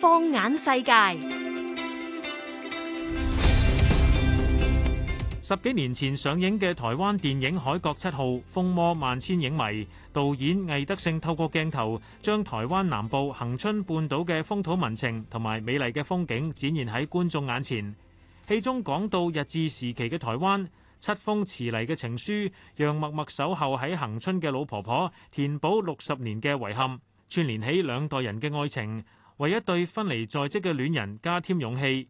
放眼世界，十幾年前上映嘅台灣電影《海角七號》風靡萬千影迷。導演魏德聖透過鏡頭，將台灣南部恒春半島嘅風土民情同埋美麗嘅風景展現喺觀眾眼前。戲中講到日治時期嘅台灣。七封遲嚟嘅情書，讓默默守候喺恆春嘅老婆婆填補六十年嘅遺憾，串連起兩代人嘅愛情，為一對分離在職嘅戀人加添勇氣。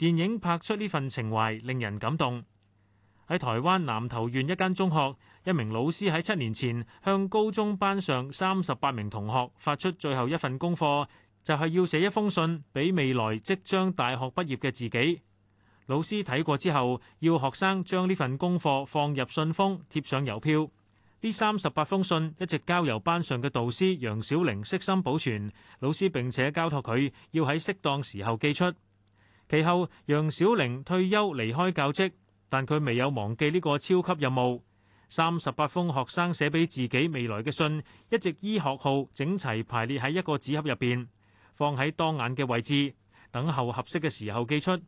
電影拍出呢份情懷，令人感動。喺台灣南投縣一間中學，一名老師喺七年前向高中班上三十八名同學發出最後一份功課，就係要寫一封信俾未來即將大學畢業嘅自己。老師睇過之後，要學生將呢份功課放入信封，貼上郵票。呢三十八封信一直交由班上嘅導師楊小玲悉心保存。老師並且交託佢要喺適當時候寄出。其後楊小玲退休離開教職，但佢未有忘記呢個超級任務。三十八封學生寫俾自己未來嘅信，一直依學號整齊排列喺一個紙盒入邊，放喺當眼嘅位置，等候合適嘅時候寄出。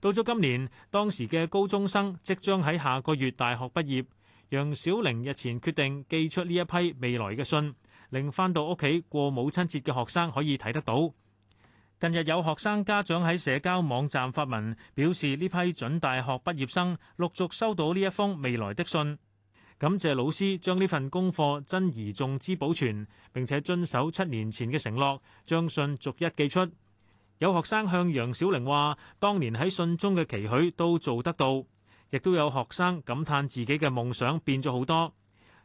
到咗今年，當時嘅高中生即將喺下個月大學畢業。楊小玲日前決定寄出呢一批未來嘅信，令翻到屋企過母親節嘅學生可以睇得到。近日有學生家長喺社交網站發文表示，呢批準大學畢業生陸續收到呢一封未來的信，感謝老師將呢份功課珍而重之保存，並且遵守七年前嘅承諾，將信逐一寄出。有學生向楊小玲話，當年喺信中嘅期許都做得到，亦都有學生感嘆自己嘅夢想變咗好多。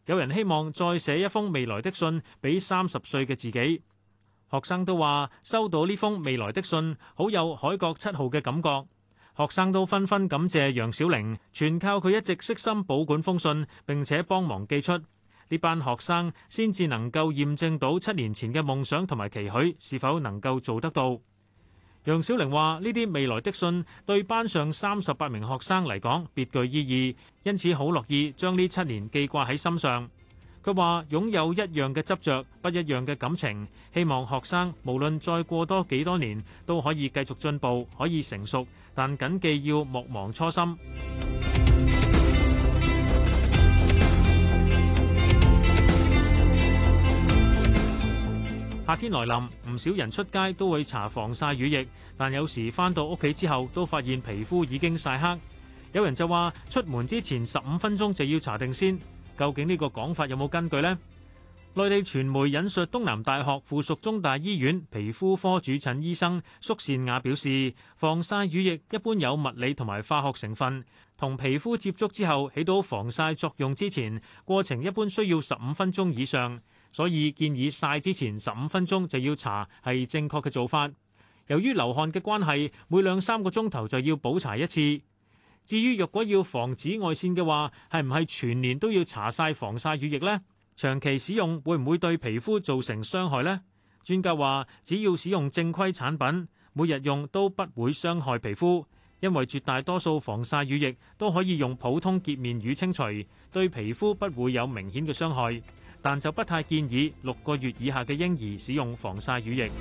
有人希望再寫一封未來的信俾三十歲嘅自己。學生都話收到呢封未來的信好有《海角七號》嘅感覺。學生都紛紛感謝楊小玲，全靠佢一直悉心保管封信，並且幫忙寄出。呢班學生先至能夠驗證到七年前嘅夢想同埋期許是否能夠做得到。楊小玲話：呢啲未來的信對班上三十八名學生嚟講別具意義，因此好樂意將呢七年記掛喺心上。佢話擁有一樣嘅執着，不一樣嘅感情，希望學生無論再過多幾多年都可以繼續進步，可以成熟，但謹記要莫忘初心。夏天來臨唔少人出街都會搽防曬乳液，但有時翻到屋企之後都發現皮膚已經曬黑。有人就話出門之前十五分鐘就要搽定先，究竟呢個講法有冇根據呢？內地傳媒引述東南大學附屬中大醫院皮膚科主診醫生蘇善雅表示，防曬乳液一般有物理同埋化學成分，同皮膚接觸之後起到防曬作用之前，過程一般需要十五分鐘以上。所以建議曬之前十五分鐘就要搽係正確嘅做法。由於流汗嘅關係，每兩三個鐘頭就要補搽一次。至於若果要防紫外線嘅話，係唔係全年都要搽晒防曬乳液呢？長期使用會唔會對皮膚造成傷害呢？專家話，只要使用正規產品，每日用都不會傷害皮膚，因為絕大多數防曬乳液都可以用普通潔面乳清除，對皮膚不會有明顯嘅傷害。但就不太建議六個月以下嘅嬰兒使用防曬乳液。